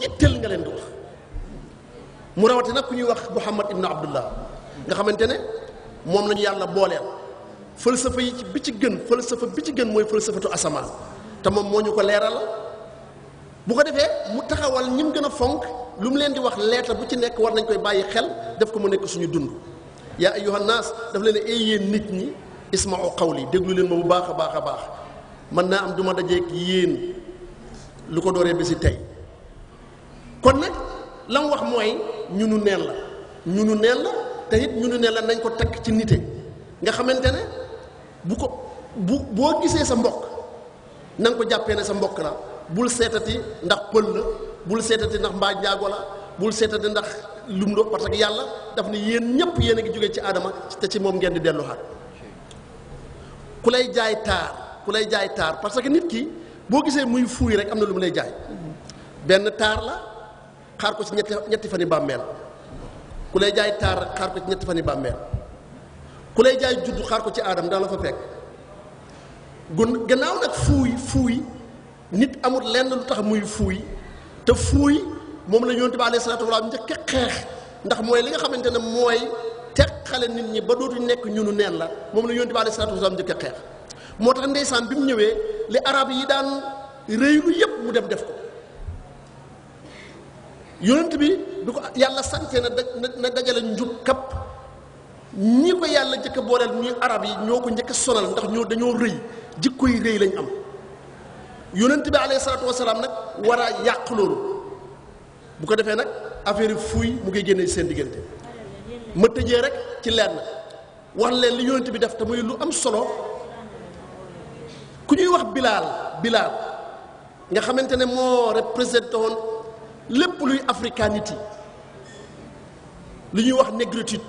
ñetteel nga leen di wax mu rawate ku ñuy wax Muhammad ibnu Abdullah nga xamante ne moom la yàlla booleel falsafa yi ci bi ci gën falsafa bi ci gën mooy falsafatu asamaan te moom moo ñu ko leeral bu ko defee mu taxawal ñi mu gën a fonk lu mu leen di wax leeta bu ci nekk war nañ koy bàyyi xel def ko mu nekk suñu dund yaa ayyuhan naas daf leen ay yéen nit ñi isma'u qawli déglu leen ma bu baax a baax a baax mën naa am duma dajeeg yéen lu ko dooree bi si tey kon nag la wax mooy ñunu nu neen la ñu nu neen la te it ñu nu neen la nañ ko takk ci nite nga xamante ne bu ko bu boo gisee sa mbokk na ko jàppee ne sa mbokk la bul seetati ndax pël la bul seetati ndax mbaa njaago la bul seetati ndax lum do parce que yàlla daf ne yéen ñëpp yéen a ngi jógee ci aadama te ci moom ngeen di delluwaat ku lay jaay taar ku lay jaay taar parce que nit ki boo gisee muy fuuy rek am na lu mu lay jaay benn taar la. xaar ko ci ñetti ñetti fani bàmmeel ku lay jaay taar xaar ko ci ñetti fani bàmmeel ku lay jaay juddu xaar ko ci aadam daa la ko fekk gun gannaaw nag fuuy fuuy nit amul lenn lu tax muy fuuy te fuuy moom la yonent bi alayhi salaatu wa salaam xeex ndax mooy li nga xamante ne mooy teqale nit ñi ba dootu nekk ñunu neen la moom la yonent bi alayhi salaatu wa salaam moo tax ndeysaan bi mu ñëwee li arab yi daan réylu yépp mu dem def ko yonent bi du ko yàlla sante na na dajale njub kapp ñii ko yàlla jëkk a booleel ñuy arab yi ñoo ko njëkk a sonal ndax ñoo dañoo rëy jikko yi rëy lañu am yonent bi alayhi salaatu wasalaam nag war a yàq loolu bu ko defee nag affaire yi fuuy mu ngi génne seen diggante ma tëjee rek ci lenn wax leen li yonent bi def te muy lu am solo ku ñuy wax bilaal bilaal nga xamante ne moo représenté woon lépp luy africanité li ñuy wax négritude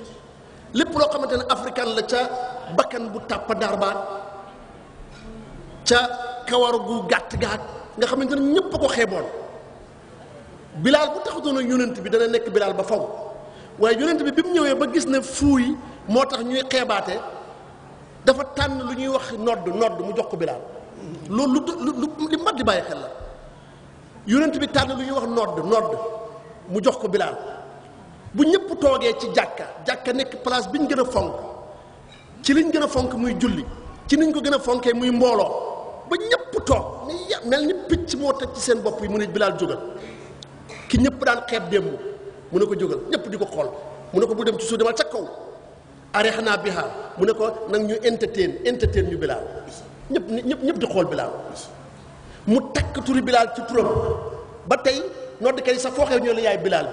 lépp loo xamante ne africain la ca bakkan bu tàppa darbaat ca kawar gu gàtt gaat nga xamante ne ñépp a ko xeeboon bilaal bu taxutoon ak yonent bi dana nekk bilaal ba faw waaye yonent bi bi mu ñëwee ba gis ne fuuy moo tax ñuy xeebaate dafa tànn lu ñuy wax nodd nodd mu jox ko bilaal loolu lu lu li mat di bàyyi xel la yonent bi tàng lu ñuy wax nodd nodd mu jox ko bilaal bu ñëpp toogee ci jàkka jàkka nekk place bi ñu gën a fonk ci liñ gën a fonk muy julli ci niñ ko gën a fonkee muy mbooloo ba ñëpp toog ni mel ni picc moo teg ci seen bopp yi mu ne bilaal jógal ki ñëpp daan xeeb démb mu ne ko jógal ñëpp di ko xool mu ne ko bu dem ci suuf demal ca kaw areex naa bihaa mu ne ko nag ñu entertain entertain ñu bilaal ñëpp ñëpp ñëpp di xool bilaal mu takk turi bilaal ci turam ba tey noddkat yi sax foo xew ñoo la yaay bilaal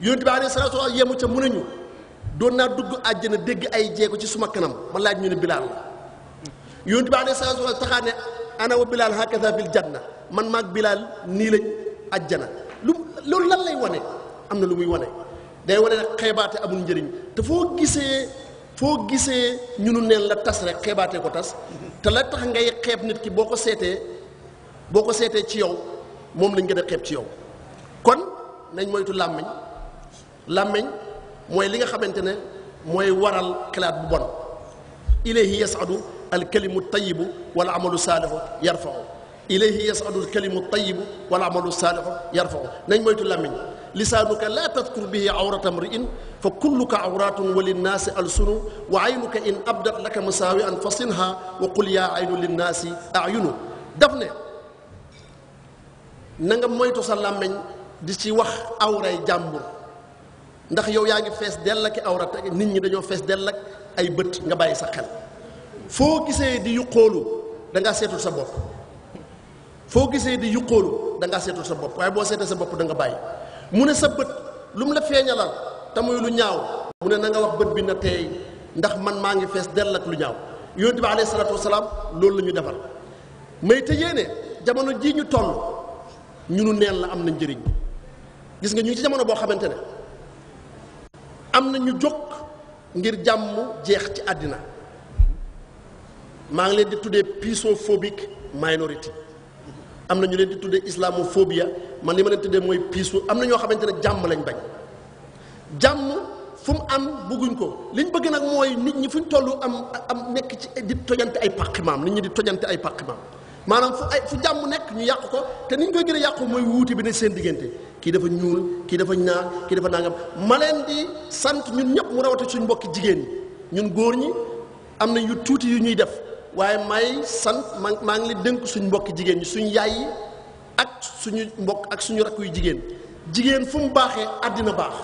bi yonent bi alayhi salaatu wa yemu ca mu nañu doon naa dugg àjjana dégg ay jéego ci suma kanam ma laaj ñu ne bilaal la yonent bi alayhi salaatu wa taxaa ne ana wa bilaal man maag bilaal nii lañ àjjana lu loolu lan lay wane am na lu muy wane day wane nag xeebaate amul njëriñ te foo gisee foo gisee ñunu neen la tas rek xeebaatee ko tas te la tax ngay xeeb nit ki boo ko seetee boko sété ci yow mom lañu gëna xép ci yow kon nañ moytu làmmiñ làmmiñ moy li nga xamantene moy waral xalaat bu bon ilayhi yasadu al-kalimu alkalimu tayibu wal amalu saalixu yarfa'u ilayhi yasadu al-kalimu alkalimu tayibu wal amalu saalixu yarfa'u nañ moytu làmmiñ لسانك لا تذكر به عورة امرئ فكلك kulluka وللناس ألسن وعينك إن wa لك مساوئا فصنها وقل يا عين للناس أعينه دفنه nanga moytu sa làmmiñ di ci wax awray jàmbur ndax yow yaa ngi fees dell ak awra nit ñi dañoo fees dell ak ay bët nga bàyyi sa xel foo gisee di yuqóolu da seetul sa bopp foo gisee di yuqóolu da ngaa seetul sa bopp waaye boo seetee sa bopp da nga bàyyi mu ne sa bët lu mu la feeñalal te muy lu ñaaw mu ne na nga wax bët bi na teey ndax man maa ngi fees dell ak lu ñaaw yonent bi alayhi salaatu wasalaam loolu la ñu defal may te yéene jamono jii ñu toll ñu nu neel la am na njëriñ gis nga ñu ci jamono boo xamantene am na ñu jóg ngir jàmm jeex ci àddina maa ngi leen di tuddee pisophobique minority am na ñu leen di tuddee islamophobia man li ma leen tuddee mooy piisu am na ñoo xamante ne jàmm lañ bañ jàmm fu mu am bëgguñ ko liñ bëgg nag mooy nit ñi fuñ toll am am nekk ci di tojante ay pàqi nit ñi di tojante ay pàqi maanaam fu ay fu jàmm nekk ñu yàq ko te ni ñu koy gën yàqu mooy wuute bi ne seen diggante kii dafa ñuul kii dafa ñaar kii dafa nangam ma leen di sant ñun ñëpp mu rawate suñ mbokki jigéen ñi ñun góor ñi am na yu tuuti yu ñuy def waaye may sant ma maa ngi leen dénk suñ mbokki jigéen ñi suñ yaay yi ak suñu mbokk ak suñu rakk yu jigéen jigéen fu mu baaxee àddina baax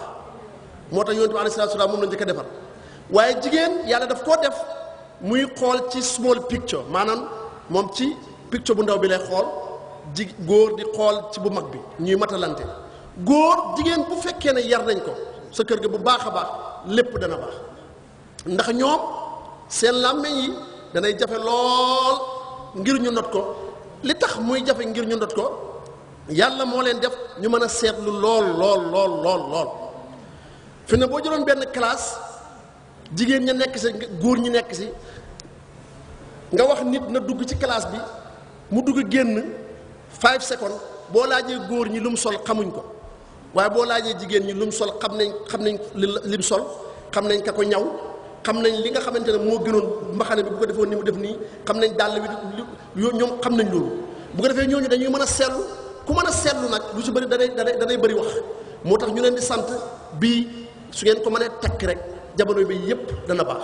moo tax yonent bi alayhi salaam moom la njëkk a defar waaye jigéen yàlla daf koo def muy xool ci small picture maanaam moom ci picc bu ndaw bi lay xool ji góor di xool ci bu mag bi ñuy matalante góor jigéen bu fekkee ne yar nañ ko sa kër gi bu baax a baax lépp dana baax ndax ñoom seen làmmeñ yi danay jafe lool ngir ñu not ko li tax muy jafe ngir ñu not ko yàlla moo leen def ñu mën a seetlu lool lool lool lool fi ne boo jëloon benn classe jigéen ña nekk si góor ñi nekk si nga wax nit na dugg ci classe bi mu dugg génn five secondes boo laajee góor ñi lu mu sol xamuñ ko waaye boo laajee jigéen ñi lu sol xam nañ xam nañ li mu sol xam nañ ka ko ñaw xam nañ li nga xamante ne moo gënoon mbaxane bi bu ko defoon ni mu def nii xam nañ dàll bi ñoom xam nañ loolu bu ko defee ñooñu dañuy mën a seetlu ku mën a seetlu nag lu si bëri danay danay danay bëri wax moo tax ñu leen di sant bii su ngeen ko mënee takk rek jamono bi yépp dana baax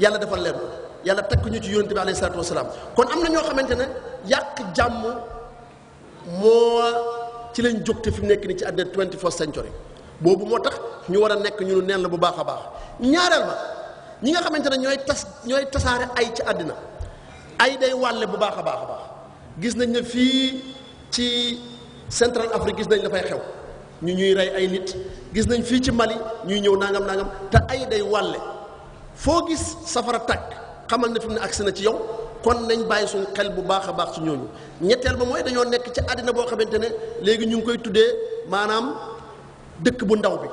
yàlla defal leen yàlla takk ñu ci yonent bi alayhi salaatu wasalaam kon am na ñoo xamante ne yàq jàmm moo ci lañ jóg te fi mu nekk nii ci àddina twenty first century boobu moo tax ñu war a nekk ñu neen la bu baax a baax ñaareel ñi nga xamante ne ñooy tas ñooy tasaare ay ci àddina ay day wàlle bu baax a baax a baax gis nañ ne fii ci Central Afrique gis nañ dafay xew ñu ñuy rey ay nit gis nañ fii ci Mali ñuy ñëw nangam nangam te ay day wàlle foo gis safara tàkk xamal ne fi ne agsi na ci yow kon nañ bàyyi suñu xel bu baax a baax su ñooñu ñetteel ba mooy dañoo nekk ci àddina boo xamante ne léegi ñu ngi koy tuddee maanaam dëkk bu ndaw bi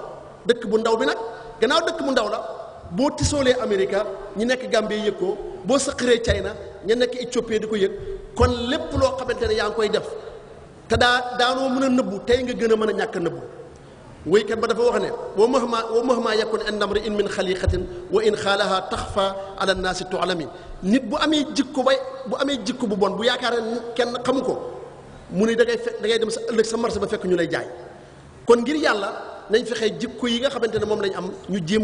dëkk bu ndaw bi nag gannaaw dëkk bu ndaw la boo tisoolee Amérique ñi nekk Gambie yëg ko boo sëqëree China ña nekk Éthiopie di ko yëg kon lépp loo xamante ne yaa ngi koy def te daa daanoo mën a nëbbu tey nga gën a mën a ñàkk nëbbu ويكت با دافا وخني ومهما ومهما يكون ان امرئ من خليقه وان خالها تخفى على الناس تعلم نيت بو امي جيكو باي بو امي جيكو بو بون بو ياكار كين خموكو موني داغي داغي دم ëlëk sa marché ba fekk ñu lay jaay kon ngir yàlla nañ fexe jikko yi nga xamante ne moom lañ am ñu jéem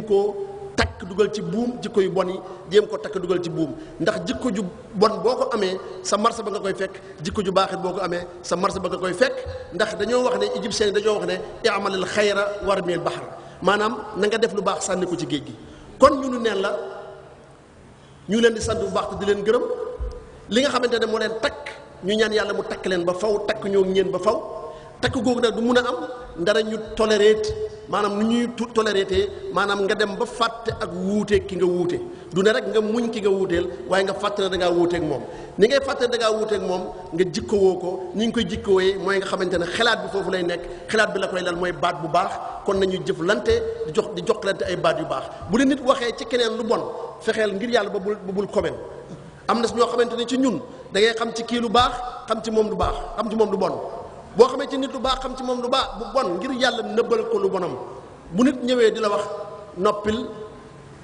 takk dugal ci buum jikko yu bon yi jéem ko takk dugal ci buum ndax jikko ju bon boo ko amee sa marché ba nga koy fekk jikko ju baaxit boo ko amee sa marché ba nga koy fekk ndax dañoo wax ne égyptien yi dañoo wax ne i'malil xayra warmil bahar maanaam na nga def lu baax sànni ko ci géej gi kon ñu nu neen la ñu leen di sant bu baax te di leen gërëm li nga xamante ne moo leen takk ñu ñaan yàlla mu takk leen ba faw takk ñoo ñeen ba faw takk googu nag du a manam nu ñuy toléré manam nga dem ba faté ak wouté ki nga wouté du ne rek nga muñ ki nga woutel waaye nga faté da nga wouté ak mom ni ngay faté da nga wouté ak mom nga jikkowoo ko ni nga koy jikkowee moy nga xamantene ne bi fofu lay nek xalaat bi la koy lal moy baat bu baax kon nañu jëf lanté di jox di jox lanté ay baat yu baax bu la nit waxé ci keneen lu bon fexel ngir yalla ba bul ba bul komen am na ñoo ci ñun da ngay xam ci ki lu baax xam ci mom lu baax xam ci mom lu bon boo xamee ci nit lu baax xam ci moom lu baax bu bon ngir yàlla nëbbal ko lu bonam bu nit ñëwee di la wax noppil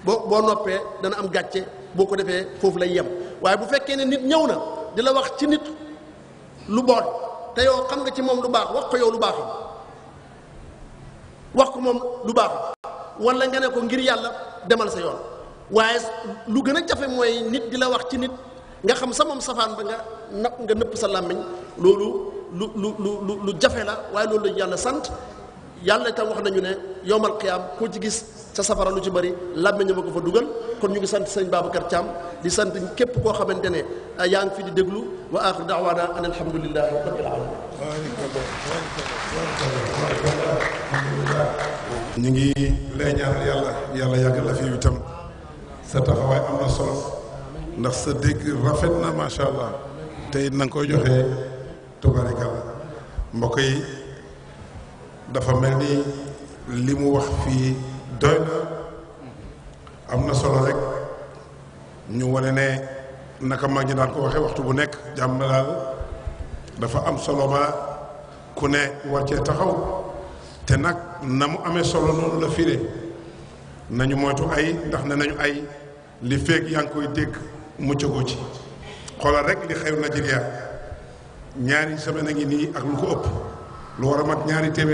boo boo noppee dana am gàcce boo ko defee foofu lay yem waaye bu fekkee ne nit ñëw na di la wax ci nit lu bon te yow xam nga ci moom lu baax wax ko yow lu baax wax ko moom lu baax wala nga ne ko ngir yàlla demal sa yoon waaye lu gën a jafe mooy nit di la wax ci nit nga xam sa moom safaan ba nga napp nga nëpp sa làmmiñ loolu lu lu lu lu jafe la waaye loolu lañu yàlla sant yàlla itam wax nañu ne yowmal qiyaam koo ci gis sa safara lu ci bari làmmiñ ma ko fa kon ñu ngi sant sëñ Babacar Thiam di sant képp koo xamante ne ah, yaa ngi fi di déglu wa ñu ngi lay ñaanal yàlla yàlla yàggal la fi itam sa taxawaay am na solo ndax sa dégg rafet na macha allah tey na koy joxe. tubarikal mbokk yi dafa mel ni li mu wax fii doy na am na solo rek ñu wane ne naka mag ñi daan ko waxee waxtu bu nekk jàmm daal dafa am solo ba ku ne war cee taxaw te nag na mu amee solo noonu la firé nañu moytu ay ndax ne nañu ay li feeg yaa ngi koy mu muccagoo ci xoolal rek li xew Nigeria ñaari semaine a ngi nii ak lu ko ëpp lu war a mat ñaari téeméer